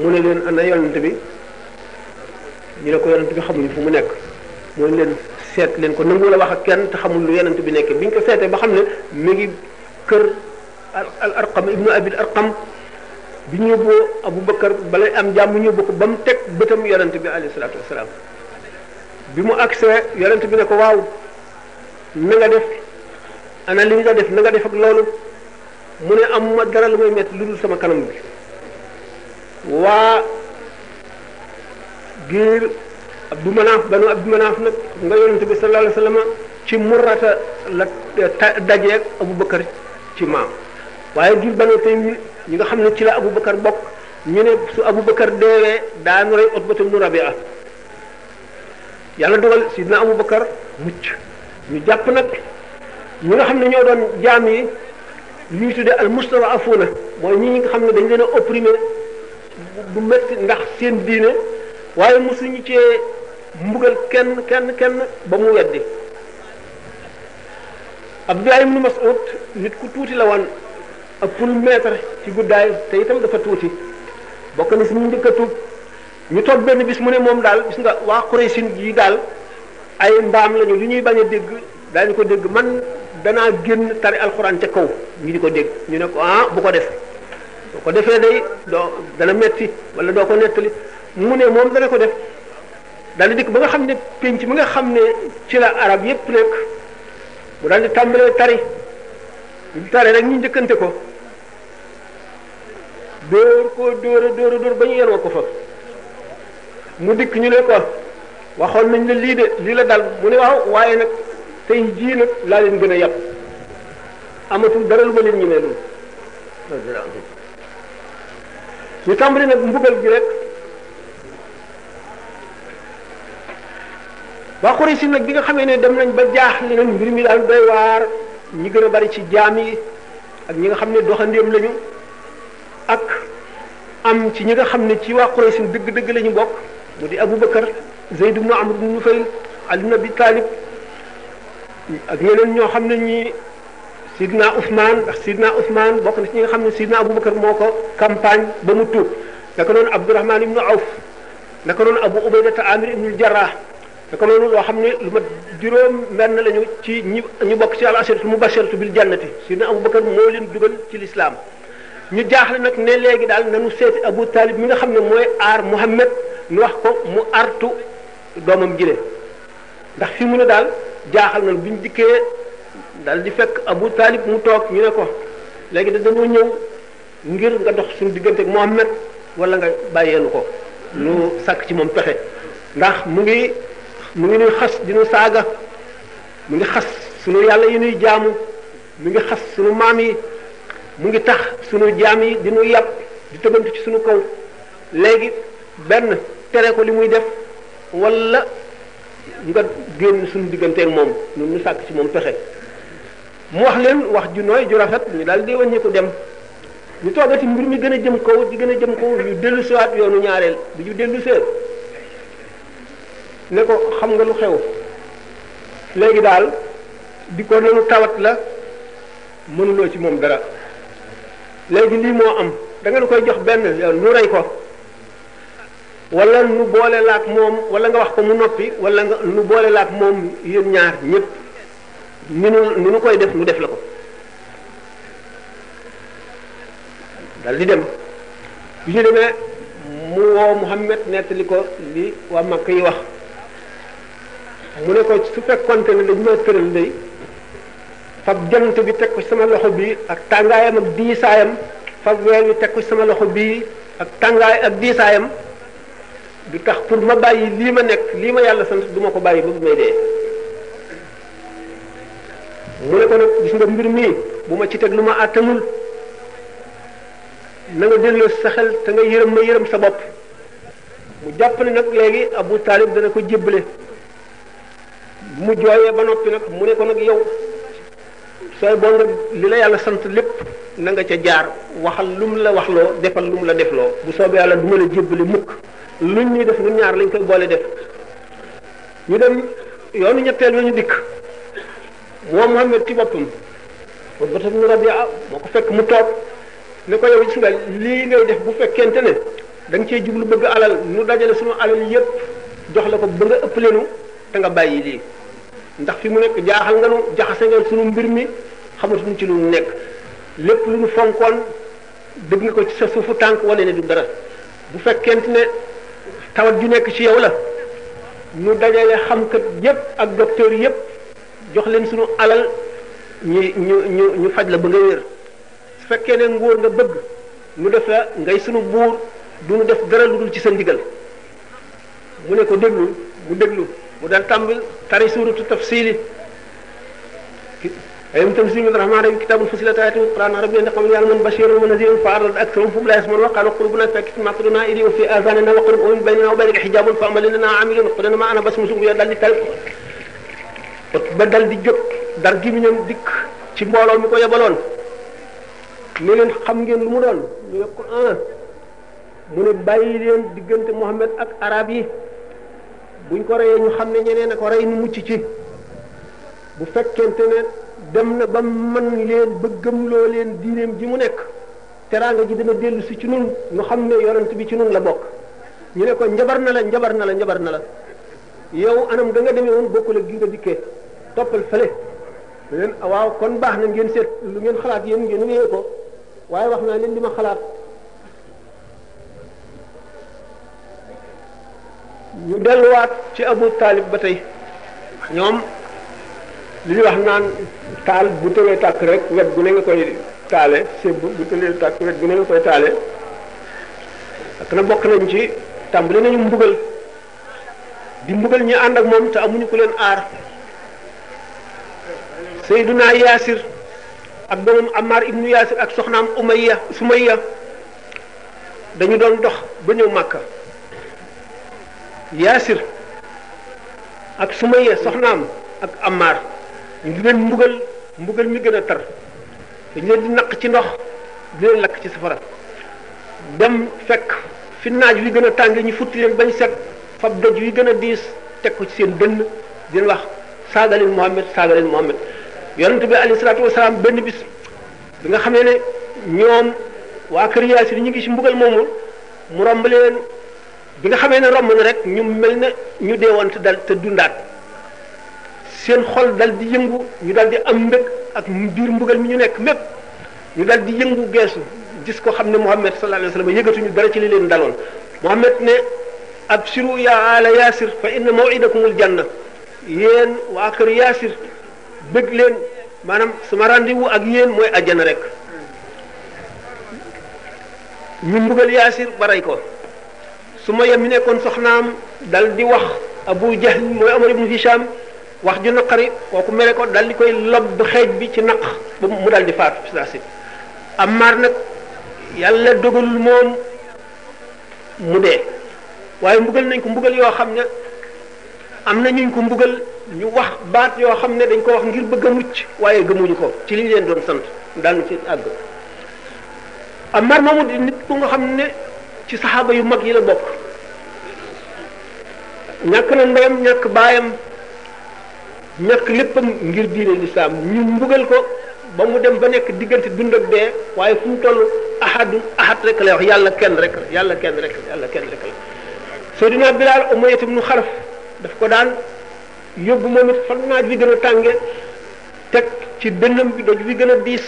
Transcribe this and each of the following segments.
mu ne leen ana yonent bi ñu ne ko yonent bi xamuñu fu mu nekk mu ne leen seet leen ko nangu la wax ak kenn te xamul lu yonent bi nekk bi ñu ko seetee ba xam ne mu ngi kër al arqam ibnu abil arqam bi ñu yóbboo aboubacar balay am jàmm ñu yóbbu ko ba mu teg bëtam yonent bi alayhi salaatu wasalaam bi mu agsee yonent bi ne ko waaw naga def ana li nga def na nga def ak loolu mu ne am ma dara lu may metti lu sama kanam bi waa giir abdu manaaf banu abdu manaaf nag xam nga yonente bi sallallahu alayhi wasallam ci murrata la dajeeg abubakar ci maam waaye giir banu taymi ñi nga xam ne ci la abubakar bokk ñu ne su abubakar deewee daanu rey utbatu ibnu rabia yàlla dogal sidna abubakar mucc ñu jàpp nag ñi nga xam ne ñoo doon jaam yi ñuy tudde al mustad'afuna mooy ñi nga xam ne dañ leen a opprimé bu metti ndax seen diine waaye mosuñu cee mbugal kenn kenn kenn ba mu weddi Abdullah ibnu Mas'ud nit ku tuuti la woon ëppul mètre ci guddaay te itam dafa tuuti bokk na suñu mu a tuub ñu toog benn bis mu ne moom daal gis nga waa Quraysin yi daal ay mbaam lañu li ñuy bañ a dégg daañu ko dégg man danaa génn tari alxuraan ca kaw ñu di ko dégg ñu ne ko ah bu ko def ko defee day doo dana metti wala doo ko nettali mu ne moom dana ko def daal dikk ba nga xam ne penc mi nga xam ne ci la arab yépp nekk mu daal di tàmbalee tari ñu tari rek ñu njëkkante ko dóor ko dóora dóora dóor ba ñu yenoo ko fa mu dikk ñu ne ko waxoon nañ lii de lii la dal mu ne waaw waaye nag tey jii nag laa leen gën a yàpp amatul dara lu ma leen ñu ne ñu tàmbali nag mbugal gi rek waa Quraysh nag bi nga xamee ne dem nañ ba jaaxle nañ mbir mi daal doy waar ñi gën a bari ci jaam yi ak ñi nga xam ne doxandéem lañu ak am ci ñi nga xam ne ci waa Quraysh dëgg-dëgg lañu bokk mu di Abu Bakar Zayd ibn Amr ibn Nufayl Ali ibn Abi Talib ak ñeneen ñoo xam ne ñi sidna Ousmane ndax sidna Ousmane bokk na ñi nga xam ne sidna Aboubacar moo ko campagne ba mu tuub naka noonu Abdourahman ibnu Awf naka noonu Abu Ubaydata Amir ibnul Jarrah naka noonu loo xam ne lu ma juróom benn lañu ci ñi ñu bokk ci al mu mubasharatu bil jannati sidna Aboubacar moo leen dugal ci lislaam ñu jaaxle nag ne léegi daal nanu seeti Abu Talib mi nga xam ne mooy aar Muhammad nu wax ko mu artu doomam jile ndax fi mu ne daal jaaxal na buñ dikkee dal di fekk Abu Talib mu toog ñu ne ko léegi da dañoo ñëw ngir nga dox suñu digganteek ak Muhammad wala nga bàyyeenu ko lu sàkk ci moom pexe ndax mu ngi mu ngi nuy xas dina saaga mu ngi xas sunu yàlla yi nuy jaamu mu ngi xas sunu maam yi mu ngi tax sunu jaam yi dina nu yàpp di tëbant ci suñu kaw léegi benn tere ko li muy def wala nga génn suñu digganteeg moom ñun ñu sàkk ci moom pexe mu wax leen wax ju nooy ju rafet ñu daal di ko dem ñu toogati mbir mi gën a jëm kaw di gën a jëm kaw ñu dellu siwaat yoonu ñaareel bi ñu dellu see ne ko xam nga lu xew léegi daal di ko ne nanu tawat la mënuloo ci moom dara léegi lii moo am da nga koy jox benn yow nu rey ko wala nu boole laak moom wala nga wax ko mu noppi wala nga nu boole laak moom yéen ñaar ñëpp ñu nu nu koy def nu def la ko dal di dem bi ñu demee mu woo Muhammad nettali ko li waa Makka yi wax mu ne ko su fekkonte ne dañu ma tëral day fab jant bi teg ko sama loxo bii ak tàngaayam ak diisaayam fab weer wi teg ko sama loxo bii ak tàngaay ak diisaayam du tax pour ma bàyyi lii ma nekk lii ma yàlla sant du ma ko bàyyi ba bu may dee mu ne ko nag gis nga mbir mii bu ma ci teg lu ma àttanul na nga delloo sa xel te nga yërëm ma yërëm sa bopp mu jàpp ne nag léegi Abu Taalib dana ko jébbale mu jooyee ba noppi nag mu ne ko nag yow sooy bon nga li la yàlla sant lépp na nga ca jaar waxal lu mu la waxloo defal lu mu la defloo bu soobee yàlla du ma la jëbble mukk luñ ñuy def lu ñaar lañ koy boole def ñu dem yoonu ñetteel la ñu dikk moom Muhammad ci boppam ba ba tam Rabia moo ko fekk mu toog ne ko yow gis nga lii ngay def bu fekkente ne da nga cee jublu bëgg alal nu dajale sunu alal yépp jox la ko ba nga ëpp leenu te nga bàyyi lii ndax fi mu nekk jaaxal nga nu jaxase nga sunu mbir mi xamatuñu ci lu mu nekk lépp lu nu fonkoon dëgg nga ko sa suufu tànk wane ne du dara bu fekkente ne tawat ju nekk ci yow la nu dajale xamkat yépp ak docteur yépp jox leen sunu alal ñu ñu ñu ñu faj la ba nga wér su ne nguur nga bëgg mu def la ngay sunu buur du nu def dara lu dul ci sa ndigal mu ne ko déglu mu déglu mu dal tàmbil tari suuratu tafsili ayum tanzilur rahmaan rahim kitaabun fussilat ayaatuhu qur'aanan arabiyyan ya'lamu man bashiirun wa naziirun fa'arada aktharuhum laa yasma'uun wa qaaluu quluubunaa fii akaanin mimmaa tad'uunaa ilayhi wa fii aazaanihinaa waqrun wa min baynina wa baynaka hijaabun fa'mal lanaa 'aamilan qul innamaa ana basharun mithlukum daal di tari bët ba dal di jóg dar gi mu ñoom dikk ci mbooloo mi ko yebaloon ne xam ngeen lu mu doon ñu ne ko ah mu ne bàyyi leen diggante Muhammad ak araab yi buñ ko reyee ñu xam ne ñeneen a ko rey nu mucc ci bu fekkente ne dem na ba man leen ba gëmloo leen diineem ji mu nekk teraanga ji dana dellu si ci nun ñu xam ne yonent bi ci nun la bokk ñu ne ko njabar na la njabar na la njabar na la yow anam ga nga demee woon bokkul ak gi nga dikkee toppal fële mu leen waaw kon baax na ngeen seet lu ngeen xalaat yéen ngeen wéyee ko waaye wax naa leen li ma xalaat ñu delluwaat ci Abu Talib ba tey ñoom li ñu wax naan taal bu tëlee tàkk rek wet gu ne nga koy taale sébb bu tëlee tàkk wet gu ne nga koy taale ak na bokk nañ ci tàmbali nañu mbugal di mbugal ñi ànd ak moom te amuñu ko leen aar Seyduna Yaasir ak doomam Ammar ibnu Yaasir ak soxnaam Umayya Sumayya dañu doon dox ba ñëw Màkka Yaasir ak Sumayya soxnaam ak Ammar ñu di leen mbugal mbugal mi gën a tar dañu leen di naq ci ndox di leen lakk ci safara dem fekk fi naaj wi gën a tànge ñu futti leen bañ set fab doj wi gën a diis teg ko ci seen dënn di leen wax saaga leen Muhammad saaga leen Muhammad yonent bi alayhi salaatu wasalaam benn bis bi nga xamee ne ñoom waa kër Yaasir ñu ngi ci mbugal moomu mu romb leen bi nga xamee ne romb na rek ñu mel ne ñu deewoon te dal te dundaat seen xol dal di yëngu ñu dal di am mbëgg ak biir mbugal mi ñu nekk mépp ñu dal di yëngu geesu gis ko xam ne Muhammad sallallahu alayhi wasallam yëgatuñu dara ci li leen daloon Muhammad ne absiru ya ala Yaasir fa inna maw'idakumul janna yéen waa kër Yaasir bëgg leen maanaam suma rendez ak yéen mooy àjjana rek ñu mbugal yaasir ba rey ko su ma yem mi nekkoon soxnaam dal di wax abu jahl mooy amar ibnu hisham wax ju naqari kooku mere ko dal di koy lobb xeej bi ci naq mu dal di faatu saa si amaar nag yàlla dogalul moom mu dee waaye mbugal nañ ko mbugal yoo xam ne am na ñuñ ko mbugal ñu wax baat yoo xam ne dañ ko wax ngir bëgg a mucc waaye gëmuñu ko ci liñ leen doon sant daanu ci àgg Ammar moomu di nit ku nga xam ne ci saxaaba yu mag yi la bokk ñàkk na ndeyam ñàkk baayam ñàkk léppam ngir diine lislaam ñu mbugal ko ba mu dem ba nekk diggante dund ak dee waaye fu mu toll ahadu ahad rek lay wax yàlla kenn rek la yàlla kenn rek la yàlla kenn rek la Seydina Bilaal Umayya daf ko daan yóbbu moom it fan naaj wi gën a tànge teg ci dënnam bi doj wi gën a diis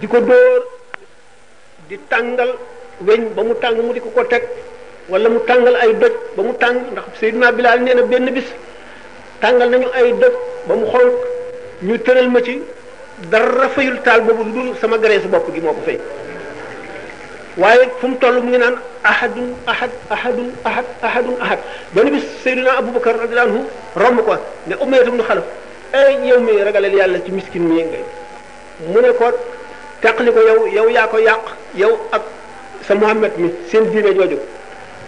di ko dóor di tàngal weñ ba mu tàng mu di ko ko teg wala mu tàngal ay doj ba mu tàng ndax Seydina Bilaal nee na benn bis tàngal nañu ay doj ba mu xonq ñu tëral ma ci dara fayul taal boobu lu dul sama graisse bopp gi moo ko fay waaye fu mu toll mu ngi naan ahadun ahad ahadun ahad ahadun ahad benn bis Seydina Aboubacar radiyallahu anhu romb ko ne Umayya ibn Xalaf ay yow mi ragalal yàlla ci miskin mi ngay mu ne ko teqli ko yow yow yaa ko yàq yow ak sa Muhammad mi seen diine jooju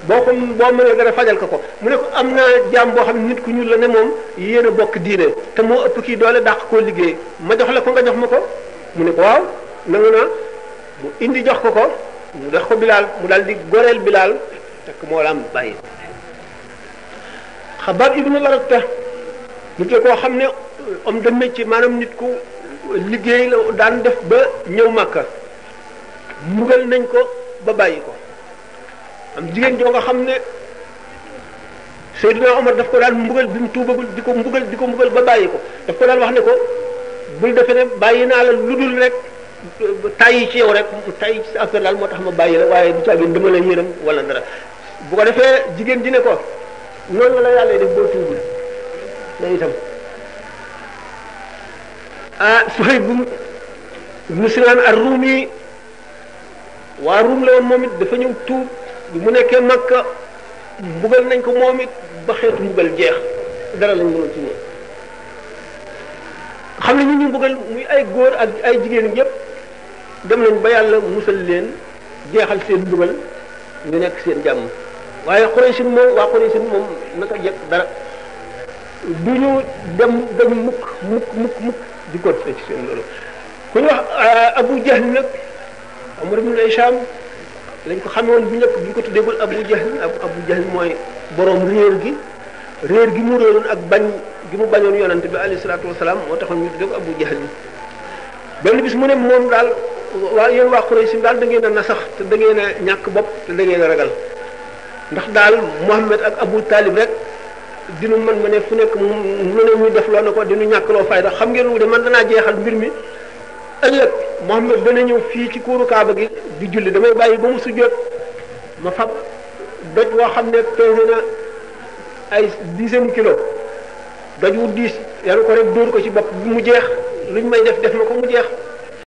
boo ko boo mënee dara fajal ko ko mu ne ko am naa jaam boo xam nit ku ñuul la ne moom yéen a bokk diine te moo ëpp kii doole dàq koo liggéey ma jox la ko nga jox ma ko mu ne ko waaw nangu naa mu indi jox ko ko mu dox ko bilaal mu daal di goreel bilaal takk moo laam bàyyi xabaab ibnu larata nit la koo xam ne homme de métier maanaam nit ku liggéey la daan def ba ñëw màkka mugal nañ ko ba bàyyi ko am jigéen joo nga xam ne Seydina Omar daf ko daan mbugal bi mu tuubagul di ko mbugal di ko mbugal ba bàyyi ko daf ko daan wax ne ko bul defe ne bàyyi naa la dul rek tàyyi ci yow rek tàyyi ci sa affaire daal moo tax ma bàyyi la waaye du caagin dama la yërëm wala dara bu ko defee jigéen ji ne ko noonu la yàlla def boo tuubul na itam ah soxay bu ibnu waa Ruum la dafa ñëw tuub mu nekkee Makka mbugal nañ ko moomit ba xeetu mbugal jeex dara lañ mënoon ci ñoom xam ne ñu ñu mbugal muy ay góor ak ay jigéen yépp dem nañ ba yàlla musal leen jeexal seen dugal ñu nekk seen jàmm waaye Quraysin moom waa Quraysin moom na jekk dara du ñu dem dem mukk mukk mukk muk di kot ci seen loolu ku ñu wax euh, Abu Jahl nag Amr ibn Hisham lañ ko xam woon bu njëkk bu ñu ko tuddeegul Abu Jahl Abu Jahl mooy borom réer gi réer gi mu réeroon ak bañ gi mu bañoon yonante bi alayhi salaatu wasalaam moo taxoon ñu tuddee ko Abu Jahl benn bis mu ne moom daal waa yéen waa Quraysh daal da ngeen a nasax te da ngeen a ñàkk bopp te da a ragal ndax daal Muhammad ak Abu Talib rek dinu mën ma ne fu nekk mu ne muy def loo na ko dinu ñàkk loo fayda xam ngeen wu de man danaa jeexal mbir mi ëllëg Muhammad dana ñëw fii ci kuuru Kaaba gi di julli damay bàyyi ba mu sujjóot ma fab doj woo xam ne pesé na ay dizaine kilo doj wu diis yaru ko rek dóor ko ci bopp bu mu jeex luñ may def def na ko mu jeex